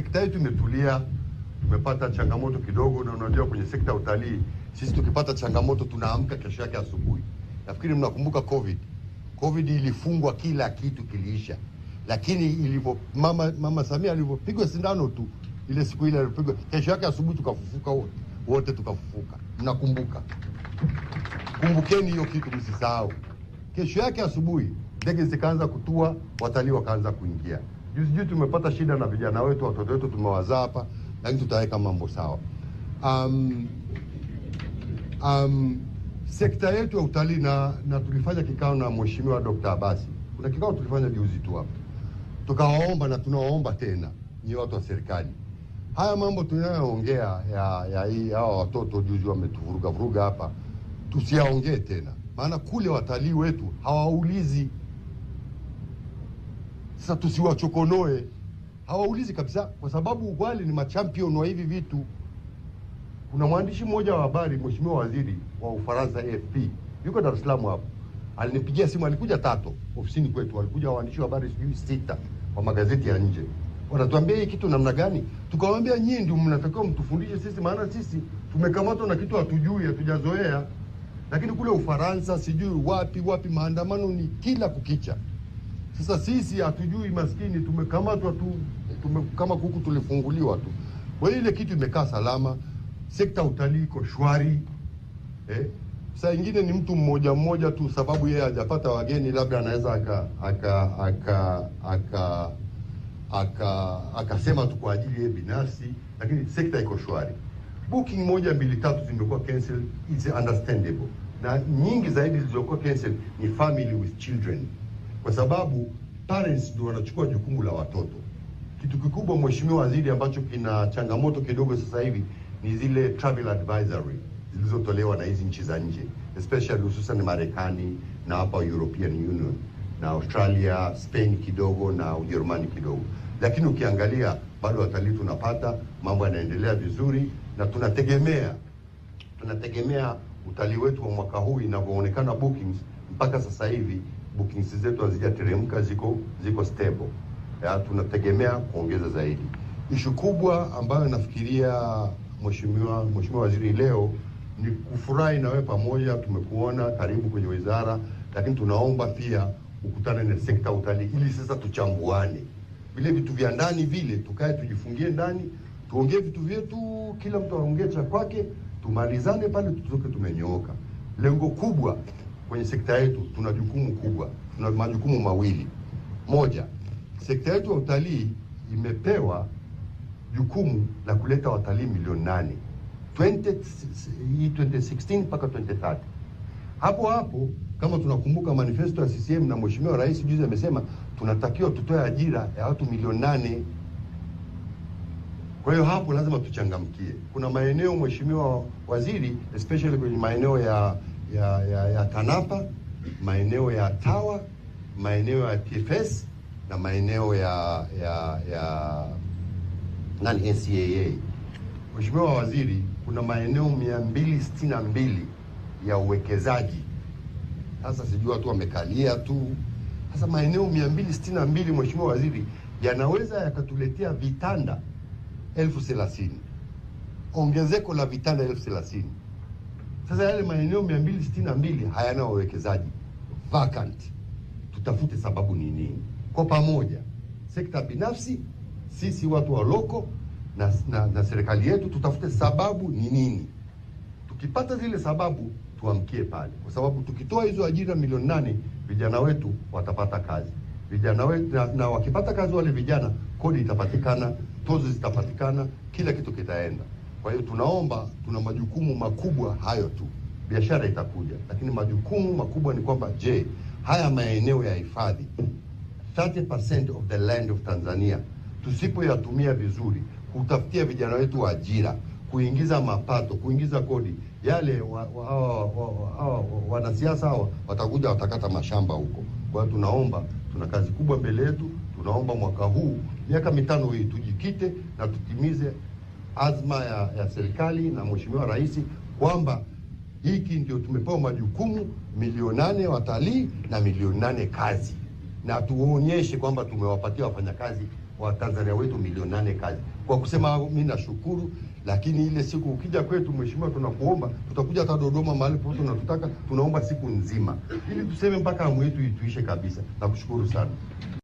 sekta yetu imetulia, tumepata changamoto kidogo, na unajua kwenye sekta ya utalii sisi tukipata changamoto tunaamka kesho yake asubuhi. Nafikiri mnakumbuka COVID. COVID ilifungwa, kila kitu kiliisha, lakini ilivyo mama, mama Samia alivyopigwa sindano tu ile siku ile alipigwa, kesho yake asubuhi tukafufuka wote wote, tukafufuka. Mnakumbuka? Kumbukeni hiyo kitu, msisahau. Kesho yake asubuhi ndege zikaanza kutua, watalii wakaanza kuingia. Juzi juzi tumepata shida na vijana wetu, watoto wetu tumewazaa hapa, lakini tutaweka mambo sawa. Um, um, sekta yetu ya utalii na, na tulifanya kikao na mheshimiwa Dr. Abasi, kuna kikao tulifanya juzi tu hapa, tukawaomba na tunawaomba tena ni watu wa serikali, haya mambo tunayoongea ya ya hii hawa watoto juzi wametuvuruga vuruga hapa, tusiyaongee tena, maana kule watalii wetu hawaulizi sasa tusiwachokonoe, hawaulizi kabisa, kwa sababu wale ni machampion wa hivi vitu. Kuna mwandishi mmoja wa habari, mheshimiwa waziri wa Ufaransa AFP, yuko Dar es Salaam hapo, alinipigia simu, alikuja Tato ofisini kwetu, walikuja waandishi wa habari sijui sita wa magazeti ya nje, wanatuambia hii kitu namna gani. Tukawaambia nyinyi ndio mnatakiwa mtufundishe sisi, maana sisi tumekamatwa na kitu hatujui, hatujazoea. Lakini kule Ufaransa sijui wapi wapi, maandamano ni kila kukicha. Sasa sisi hatujui maskini, tumekamatwa tu tume, kama kuku tulifunguliwa tu. Kwa hiyo ile kitu imekaa salama, sekta utalii iko shwari eh? Saa ingine ni mtu mmoja mmoja tu, sababu yeye hajapata wageni, labda anaweza aka aka aka aka akasema tu kwa ajili yeye binafsi, lakini sekta iko shwari. Booking moja mbili tatu zimekuwa cancel, it's understandable, na nyingi zaidi zilizokuwa cancel ni family with children kwa sababu parents ndio wanachukua jukumu la watoto. Kitu kikubwa Mheshimiwa Waziri, ambacho kina changamoto kidogo sasa hivi ni zile travel advisory zilizotolewa na hizi nchi za nje especially hususan Marekani na hapa European Union na Australia, Spain kidogo na Ujerumani kidogo, lakini ukiangalia bado watalii tunapata, mambo yanaendelea vizuri, na tunategemea tunategemea utalii wetu wa mwaka huu inavyoonekana bookings mpaka sasa hivi bookings zetu hazijateremka, ziko ziko stable ya, tunategemea kuongeza zaidi. Ishu kubwa ambayo nafikiria mheshimiwa mheshimiwa waziri leo ni kufurahi na wewe pamoja, tumekuona karibu kwenye wizara, lakini tunaomba pia ukutane na sekta utalii ili sasa tuchambuane vile vitu vya ndani vile, tukae tujifungie ndani, tuongee vitu vyetu, kila mtu aongee cha kwake, tumalizane pale, tutoke tumenyooka. Lengo kubwa kwenye sekta yetu tuna jukumu kubwa, tuna majukumu mawili. Moja, sekta yetu ya utalii imepewa jukumu la kuleta watalii milioni nane 2016 mpaka 2030. Hapo hapo kama tunakumbuka manifesto ya CCM na Mheshimiwa Rais juzi amesema tunatakiwa tutoe ajira ya watu milioni nane. Kwa hiyo hapo lazima tuchangamkie. Kuna maeneo Mheshimiwa Waziri, especially kwenye maeneo ya ya, ya, ya TANAPA, maeneo ya TAWA, maeneo ya TFS na maeneo ya, ya, ya nani NCAA. Mheshimiwa Waziri, kuna maeneo 262 ya uwekezaji. Sasa sijua tu wamekalia tu. Sasa maeneo 262 Mheshimiwa Waziri, yanaweza yakatuletea vitanda elfu thelathini, ongezeko la vitanda elfu thelathini. Sasa yale maeneo mia mbili sitini na mbili hayana wawekezaji vacant, tutafute sababu ni nini? Kwa pamoja, sekta binafsi, sisi watu wa loko na, na, na serikali yetu, tutafute sababu ni nini. Tukipata zile sababu tuamkie pale, kwa sababu tukitoa hizo ajira milioni nane vijana wetu watapata kazi vijana wetu na, na wakipata kazi wale vijana, kodi itapatikana, tozo zitapatikana, kila kitu kitaenda. Kwa hiyo tunaomba, tuna majukumu makubwa hayo tu, biashara itakuja, lakini majukumu makubwa ni kwamba, je, haya maeneo ya hifadhi 30% of the land of Tanzania tusipoyatumia vizuri kutafutia vijana wetu wa ajira, kuingiza mapato, kuingiza kodi, yale wanasiasa hawa watakuja watakata mashamba huko. Kwa hiyo tunaomba, tuna kazi kubwa mbele yetu. Tunaomba mwaka huu, miaka mitano hii, tujikite na tutimize azma ya, ya serikali na mheshimiwa rais kwamba hiki ndio tumepewa majukumu milioni nane watalii na milioni nane kazi, na tuonyeshe kwamba tumewapatia wafanyakazi wa Tanzania wetu milioni nane kazi. Kwa kusema mimi nashukuru, lakini ile siku ukija kwetu, mheshimiwa, tunakuomba tutakuja hata Dodoma, mahali popote unatutaka, tunaomba siku nzima, ili tuseme mpaka hamu yetu ituishe kabisa. Nakushukuru sana.